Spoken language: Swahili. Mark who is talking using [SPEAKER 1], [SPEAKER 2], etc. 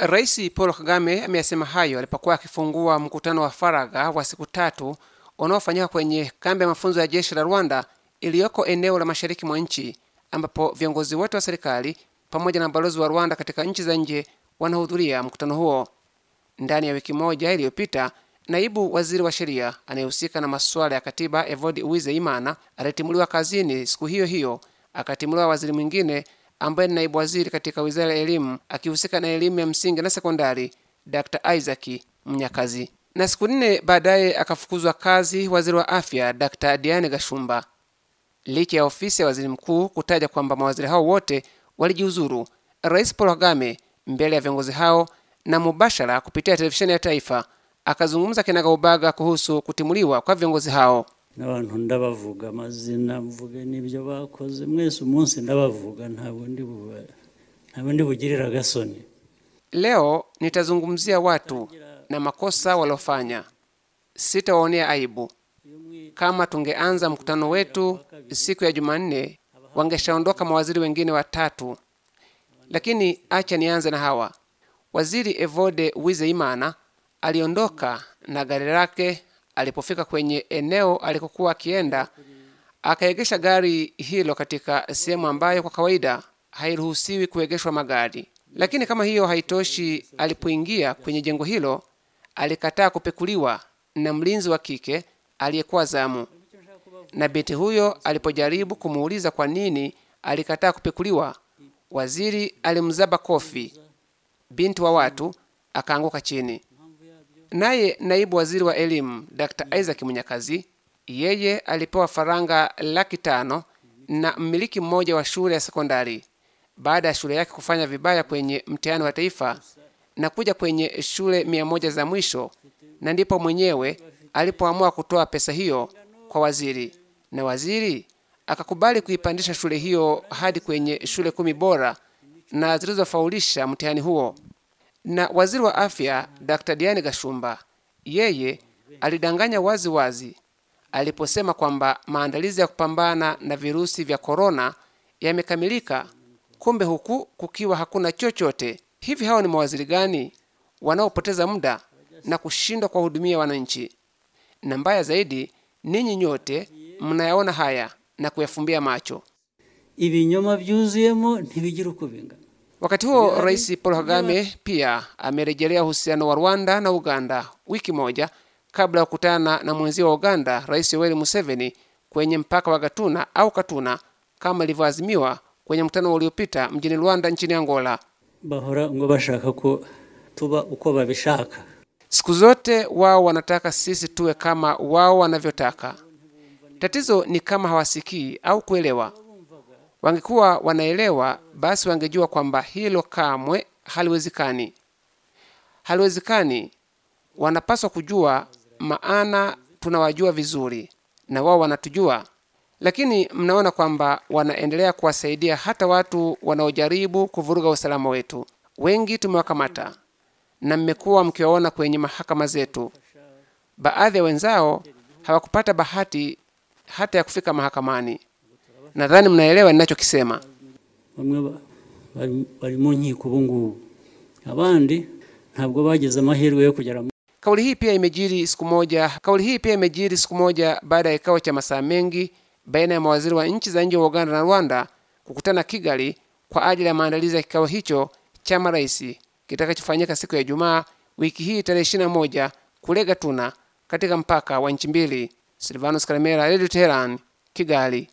[SPEAKER 1] Rais Paul Kagame ameyasema hayo alipokuwa akifungua mkutano wa faragha wa siku tatu unaofanyika kwenye kambi ya mafunzo ya jeshi la Rwanda iliyoko eneo la mashariki mwa nchi, ambapo viongozi wote wa serikali pamoja na balozi wa Rwanda katika nchi za nje wanahudhuria mkutano huo. Ndani ya wiki moja iliyopita, naibu waziri wa sheria anayehusika na masuala ya katiba Evode Uwizeyimana alitimuliwa kazini siku hiyo hiyo, akatimuliwa waziri mwingine ambaye ni naibu waziri katika wizara ya elimu akihusika na elimu ya msingi na sekondari, Dr Isaac Mnyakazi, na siku nne baadaye akafukuzwa kazi waziri wa afya Dr Diane Gashumba, licha ya ofisi ya waziri mkuu kutaja kwamba mawaziri hao wote walijiuzuru. Rais Paul Kagame mbele ya viongozi hao na mubashara kupitia televisheni ya taifa akazungumza kinagaubaga kuhusu kutimuliwa kwa viongozi hao n'abantu ndabavuga amazina mvuge n'ibyo bakoze mwese umunsi ndabavuga ntabwo ndi bugirira agasoni leo nitazungumzia watu na makosa waliofanya sitawaonea aibu kama tungeanza mkutano wetu siku ya jumanne wangeshaondoka mawaziri wengine watatu lakini acha nianze na hawa waziri evode wizeimana aliondoka na gari lake Alipofika kwenye eneo alikokuwa akienda, akaegesha gari hilo katika sehemu ambayo kwa kawaida hairuhusiwi kuegeshwa magari. Lakini kama hiyo haitoshi, alipoingia kwenye jengo hilo alikataa kupekuliwa na mlinzi wa kike aliyekuwa zamu, na binti huyo alipojaribu kumuuliza kwa nini alikataa kupekuliwa, waziri alimzaba kofi. Binti wa watu akaanguka chini. Naye naibu waziri wa elimu Dr. Isaac Munyakazi yeye alipewa faranga laki tano na mmiliki mmoja wa shule ya sekondari baada ya shule yake kufanya vibaya kwenye mtihani wa taifa na kuja kwenye shule mia moja za mwisho, na ndipo mwenyewe alipoamua kutoa pesa hiyo kwa waziri, na waziri akakubali kuipandisha shule hiyo hadi kwenye shule kumi bora na zilizofaulisha mtihani huo na waziri wa afya Dr. Diane Gashumba, yeye alidanganya wazi wazi aliposema kwamba maandalizi ya kupambana na virusi vya korona yamekamilika, kumbe huku kukiwa hakuna chochote. Hivi hawa ni mawaziri gani wanaopoteza muda na kushindwa kuwahudumia wananchi? Na mbaya zaidi, ninyi nyote mnayaona haya na kuyafumbia macho. ivinyoma vyuzuyemo ntibigira uko bingana Wakati huo Rais Paul Kagame pia amerejelea uhusiano wa Rwanda na Uganda wiki moja kabla ya kukutana na mwenzi wa Uganda Rais Yoweri Museveni kwenye mpaka wa Gatuna au Katuna kama ilivyoazimiwa kwenye mkutano uliopita mjini Rwanda nchini Angola. bahora ngo bashaka ko tuba uko babishaka, siku zote wao wanataka sisi tuwe kama wao wanavyotaka. Tatizo ni kama hawasikii au kuelewa Wangekuwa wanaelewa, basi wangejua kwamba hilo kamwe haliwezekani, haliwezekani. Wanapaswa kujua, maana tunawajua vizuri na wao wanatujua, lakini mnaona kwamba wanaendelea kuwasaidia hata watu wanaojaribu kuvuruga usalama wetu. Wengi tumewakamata na mmekuwa mkiwaona kwenye mahakama zetu. Baadhi ya wenzao hawakupata bahati hata ya kufika mahakamani. Nadhani mnaelewa ninachokisema. bamwe bari mu nkiko ubu ngubu abandi ntabwo bageze amahirwe yo kugera Kauli hii pia imejiri siku moja kauli hii pia imejiri siku moja baada ya kikao cha masaa mengi baina ya mawaziri wa nchi za nje wa Uganda na Rwanda kukutana Kigali kwa ajili ya maandalizi ya kikao hicho cha marais kitakachofanyika siku ya Ijumaa wiki hii tarehe 21 kule Gatuna katika mpaka wa nchi mbili. Silvanus Kalemera, Radio Teheran, Kigali.